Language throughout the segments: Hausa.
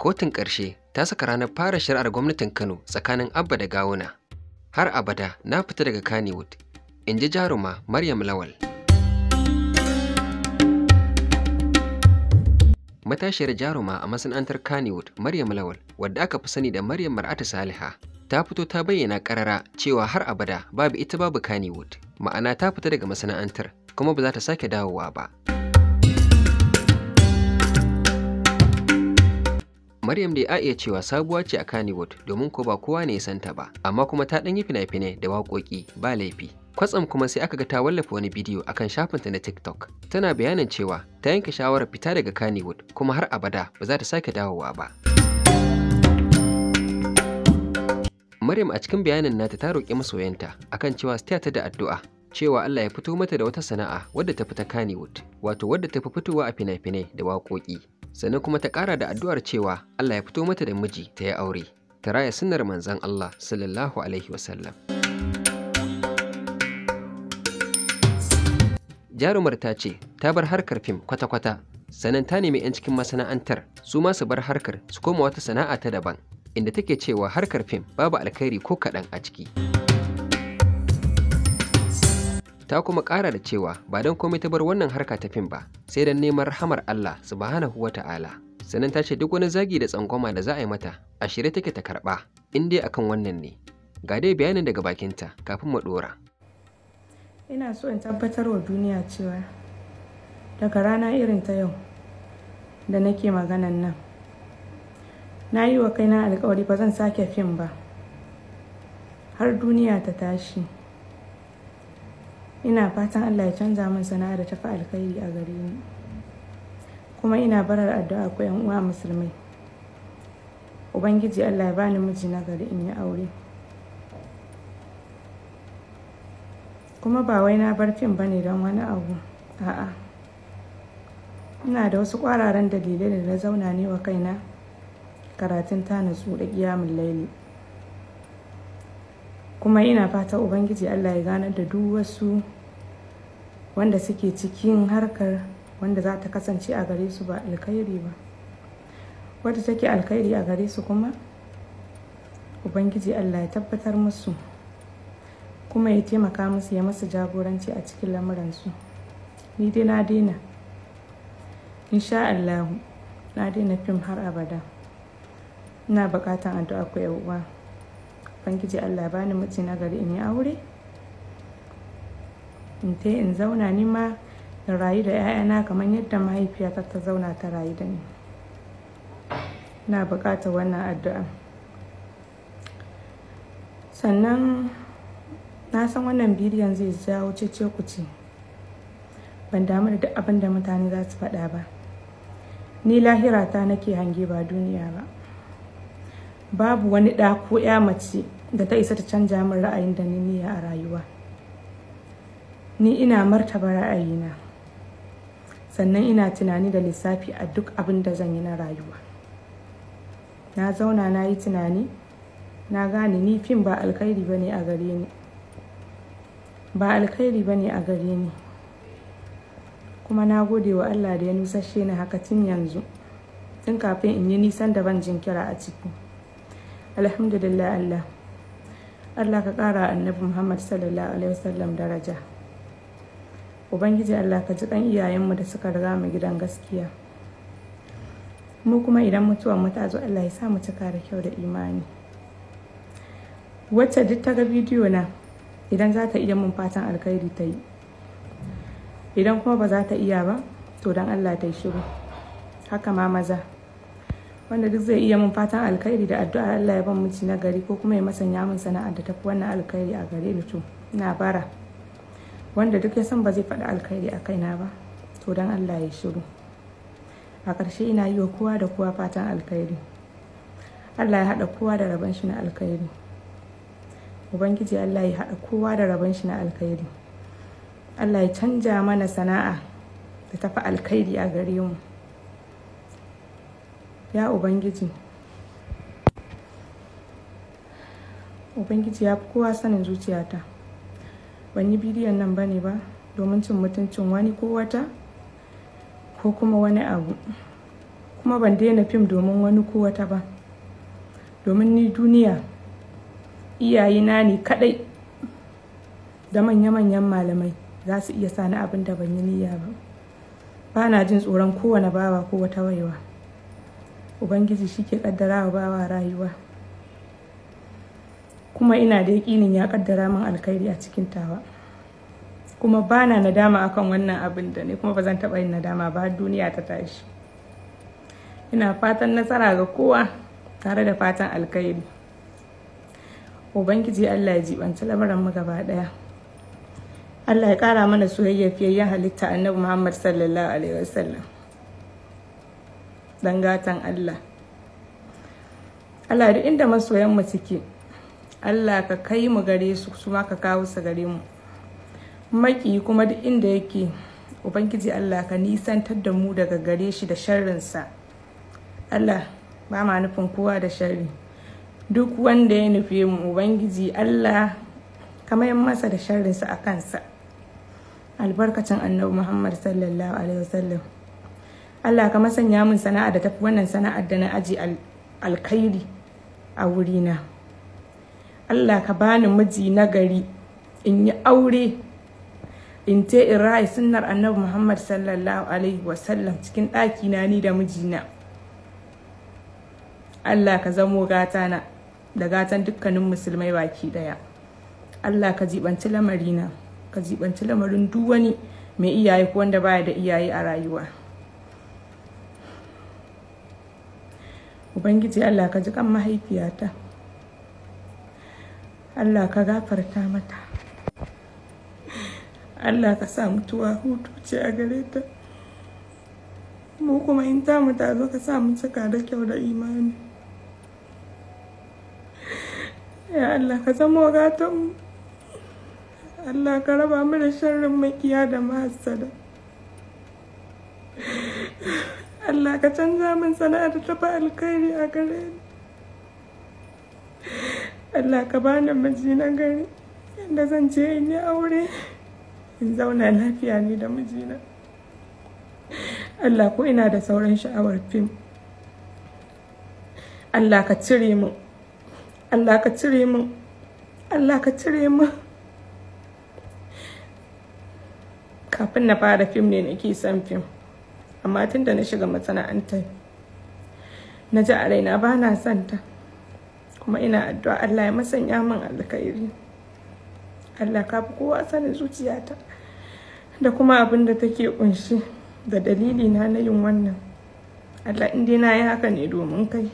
kotun ƙarshe ta saka ranar fara shari'ar gwamnatin Kano tsakanin Abba da Gawuna. Har abada na fita daga Kannywood, in ji jaruma Maryam Lawal. Matashiyar jaruma a masana'antar Kannywood Maryam Lawal, wadda aka fi sani da Maryam Mar'atu Saliha, ta fito ta bayyana karara cewa har abada babu ita babu Kannywood, ma'ana ta fita daga masana'antar kuma ba za ta sake dawowa ba. Maryam dai aiya cewa sabuwa ce a Kannywood domin ko ba kowa ne ya santa ba, amma kuma ta ɗan yi fina-finai da waƙoƙi ba laifi. Kwatsam kuma sai aka ga ta wallafa wani bidiyo akan shafinta na TikTok. Tana bayanin cewa ta yanke shawarar fita daga Kannywood kuma har abada ba za ta sake dawowa ba. Maryam a cikin bayanin nata ta roƙi masoyanta akan cewa su ta da addu'a cewa Allah ya fito mata da wata sana'a wadda ta fita Kannywood, wato wadda ta fi fitowa a fina-finai da waƙoƙi. sannan kuma ta ƙara da addu'ar cewa Allah ya fito mata da miji ta yi aure ta raya sunnar manzon Allah sallallahu alaihi wasallam jarumar ta ce ta bar harkar fim kwata-kwata sannan ta nemi 'yan cikin masana'antar su ma su bar harkar su koma wata sana'a ta daban inda take cewa harkar fim babu alkhairi ko kaɗan a ciki. ta kuma ƙara da cewa ba don komai ta bar wannan harka ta fim ba sai don neman rahamar Allah subhanahu wa ta'ala sannan ta ce duk wani zagi da tsangwama da za a yi mata a shirye take ta karɓa in dai akan wannan ne ga dai bayanin daga bakinta kafin mu ɗora. ina so in tabbatar wa duniya cewa daga rana irin ta yau da nake maganan nan na yi wa kaina alkawari ba zan sake fim ba har duniya ta tashi ina fatan allah ya canza min sana'a da fi alkhairi a gare ni kuma ina barar addu'a ko yan uwa musulmai ubangiji allah ya bani miji na gari in yi aure kuma ba wai na bar fim bane don wani abu a'a ina da wasu kwararen dalilai da na zauna ne wa kaina karatun ta natsu da kiyamun laili kuma ina fata ubangiji allah ya ganar da duk wasu wanda suke cikin harkar wanda za ta kasance a gare su ba alkhairi ba wadda take alkhairi a gare su kuma ubangiji allah ya tabbatar musu kuma ya taimaka musu ya masu jagoranci a cikin lamuransu ni dai na daina insha allahu na daina fim har abada ina bukatan addu'a ku uwa. bangiji allah ba ni miji na gari in yi aure in te in zauna ni ma in rayu da 'ya'yana kamar yadda mahaifiyata ta zauna ta rayu da ni na bukatar wannan addu'a sannan na san wannan bidiyon zai jawo cece kuce ban damu da duk abin da mutane za su faɗa ba ni lahirata nake hange ba duniya ba babu wani ɗa ko ya mace da ta isa ta canja min ra'ayin da ni a rayuwa ni ina martaba ra'ayina sannan ina tunani da lissafi a duk abin da zan yi na rayuwa na zauna na yi tunani na gane ni fim ba alkhairi ba ne a gare ni ba alkhairi ba ne a gare ni kuma na gode wa allah da ya nusashe ni haka tun yanzu tun kafin in yi nisan da ban jinkira a ciki alhamdulillah Allah Allah ka ƙara annabi Muhammad sallallahu alaihi wasallam daraja Ubangiji Allah ka ji kan iyayenmu da suka riga mu gidan gaskiya mu kuma idan mutuwa mu ta zo Allah ya sa mu cika da kyau da imani wacce duk ta ga bidiyo na idan za ta iya mun fatan alkhairi ta yi idan kuma ba za ta iya ba to don Allah ta yi shiru haka ma maza wanda duk zai iya mun fatan alkhairi da addu'a Allah ya ban miji na gari ko kuma ya masanya min sana'ar da tafi wannan alkhairi a gare ni to ina bara wanda duk ya san ba zai faɗi alkhairi a kaina ba to dan Allah ya shiru a ƙarshe ina yi wa kowa da kowa fatan alkhairi Allah ya haɗa kowa da rabon shi na alkhairi ubangiji Allah ya haɗa kowa da rabon shi na alkhairi Allah ya canja mana sana'a da tafi alkhairi a gare mu ya ubangiji ubangiji ya fi kowa sanin zuciyata ban yi bidiyon nan bane ba domin cin mutuncin wani ko wata ko kuma wani abu kuma ban daina fim domin wani ko wata ba domin ni duniya iyayena ne kadai da manya-manyan malamai za su iya sani abin da ban yi niyya ba ba na jin tsoron kowane bawa ko wata waiwa ubangiji shi ke kaddara wa bawa rayuwa kuma ina da yakinin ya kaddara min alkhairi a cikin tawa kuma ba na nadama akan wannan abin da ne kuma ba zan taɓa yin nadama ba duniya ta tashi ina fatan nasara ga kowa tare da fatan alkhairi ubangiji allah ya jibanci mu gaba ɗaya allah ya ƙara mana soyayya fiyayyen halitta annabi muhammad sallallahu alaihi wasallam dan gatan Allah Allah duk inda masoyan mu suke Allah ka kai mu gare su kuma ka kawo su gare mu maki kuma duk inda yake ubangiji Allah ka nisantar da mu daga gare shi da sharrinsa Allah ba ma nufin kowa da sharri duk wanda ya nufe mu ubangiji Allah kamar masa da sharrinsa a kansa albarkacin annabi muhammad sallallahu alaihi wasallam Allah ka masanya min sana'a da tafi wannan sana'ar da na aji alkhairi a wurina Allah ka bani miji na gari in yi aure in te in ra'ayi sunnar annabi Muhammad sallallahu alaihi wa sallam. cikin ɗaki na ni da mijina Allah ka zamo gata na da gatan dukkanin musulmai baki daya Allah ka jibanci lamarina ka jibanci lamarin duk wani mai iyaye ko wanda baya da iyaye a rayuwa ubangiji allah ka ji kan mahaifiyata allah ka gafarta mata allah ka sa mutuwa hutu ce a gare ta mu kuma in ta mu ta zo ka sa mu cika da kyau da imani ya allah ka zama gatan mu allah ka raba mu da sharrin makiya da mahasada Allah ka canza min sana'ar ta tafi alkhairi a gare ni Allah ka bani miji na gari yadda zan je in yi aure in zauna lafiya ni da mijina Allah ko ina da sauran sha'awar fim Allah ka cire mu Allah ka cire mu Allah ka cire mu kafin na fara fim ne nake son fim amma tun da na shiga masana'antar na ji a raina ba na santa kuma ina addu'a Allah ya masanya min alkhairi Allah ka fi kowa sanin zuciyata da kuma abin da take kunshi da dalili na na yin wannan Allah in dai na yi haka ne domin kai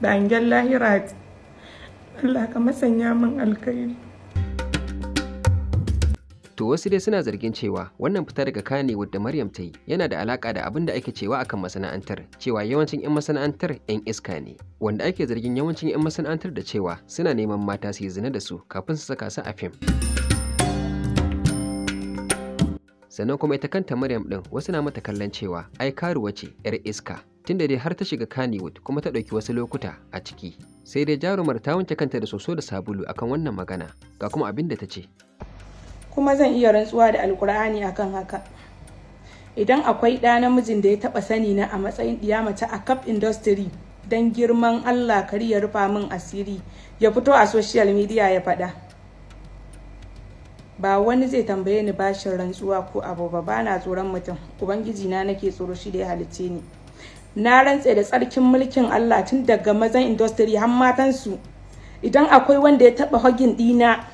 da angen lahira Allah ka masanya min alkhairi To wasu dai suna zargin cewa wannan fita daga kane wadda Maryam ta yi yana da alaka da abin da ake cewa akan masana'antar cewa yawancin 'yan masana'antar 'yan iska ne wanda ake zargin yawancin 'yan masana'antar da cewa suna neman mata su yi zina da su kafin su saka su a fim. sannan kuma ita kanta Maryam din wasu na mata kallon cewa ai karuwa ce 'yar iska tunda dai har ta shiga Kannywood kuma ta ɗauki wasu lokuta a ciki sai dai jarumar ta wanke kanta da soso da sabulu akan wannan magana ga kuma abin da ta ce kuma zan iya rantsuwa da alkur'ani akan haka idan akwai ɗa namijin da ya taɓa sani na a matsayin ɗiya mace a cup industry don girman allah kar ya rufa min asiri ya fito a social media ya faɗa ba wani zai tambaye ni bashin rantsuwa ko abu ba bana tsoron mutum ubangiji na nake tsoro shi da ya halicce ni na rantse da tsarkin mulkin Allah tun daga mazan industry har matansu idan akwai wanda ya taɓa hagin ɗina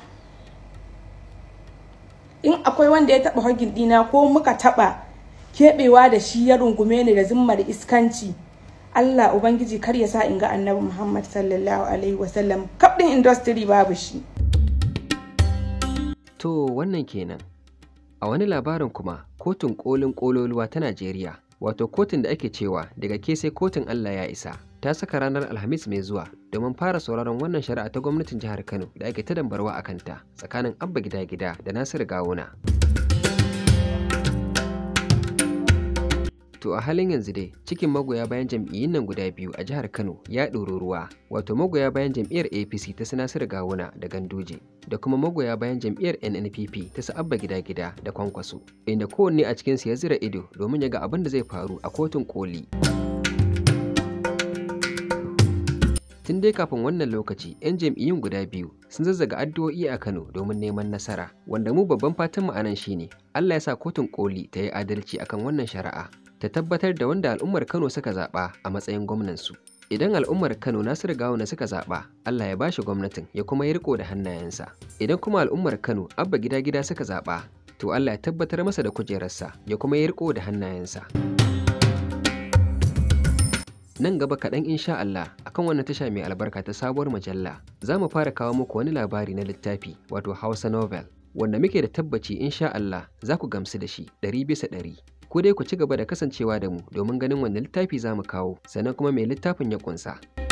in akwai wanda ya taba hogin dina ko muka taba kebewa da shi ya rungume ni da zimmar iskanci Allah ubangiji kar ya sa in ga annabi Muhammad sallallahu alaihi wasallam kafin industry babu shi to wannan kenan a wani labarin kuma kotun kolin kololuwa ta Najeriya wato kotun da ake cewa daga ke sai kotun Allah ya isa ta saka ranar Alhamis mai zuwa domin fara sauraron wannan shari'a ta gwamnatin jihar Kano da ake ta dambarwa a kanta tsakanin Abba Gida Gida da Nasiru Gawuna. To a halin yanzu dai cikin magoya bayan jam'iyyun nan guda biyu a jihar Kano ya ɗoro ruwa wato magoya bayan jam'iyyar APC ta Sinasir Gawuna da Ganduje da kuma magoya bayan jam'iyyar NNPP ta su abba Gida Gida da Kwankwaso inda kowanne a cikinsu ya zira ido domin ya ga abin da zai faru a kotun koli. tun dai kafin wannan lokaci 'yan jam'iyyun guda biyu sun zazzaga addu'o'i a kano domin neman nasara wanda mu babban fatan mu shi shine allah ya sa kotun koli ta yi adalci akan wannan shari'a ta tabbatar da wanda al'ummar kano suka zaɓa a matsayin gwamnansu idan al'ummar kano nasiru gawuna suka zaɓa allah ya bashi gwamnatin ya kuma yi riko da hannayensa idan kuma al'ummar kano abba gida gida suka zaɓa to allah ya tabbatar masa da kujerarsa ya kuma yi riko da hannayensa nan gaba kaɗan insha allah kan wannan tasha mai albarka ta sabuwar mujalla za mu fara kawo muku wani labari na littafi wato Hausa novel wanda muke da tabbaci insha Allah za ku gamsu da shi ɗari bisa ɗari. Ku dai ku ci gaba da kasancewa da mu domin ganin wannan littafi za mu kawo sannan kuma mai littafin ya ƙunsa.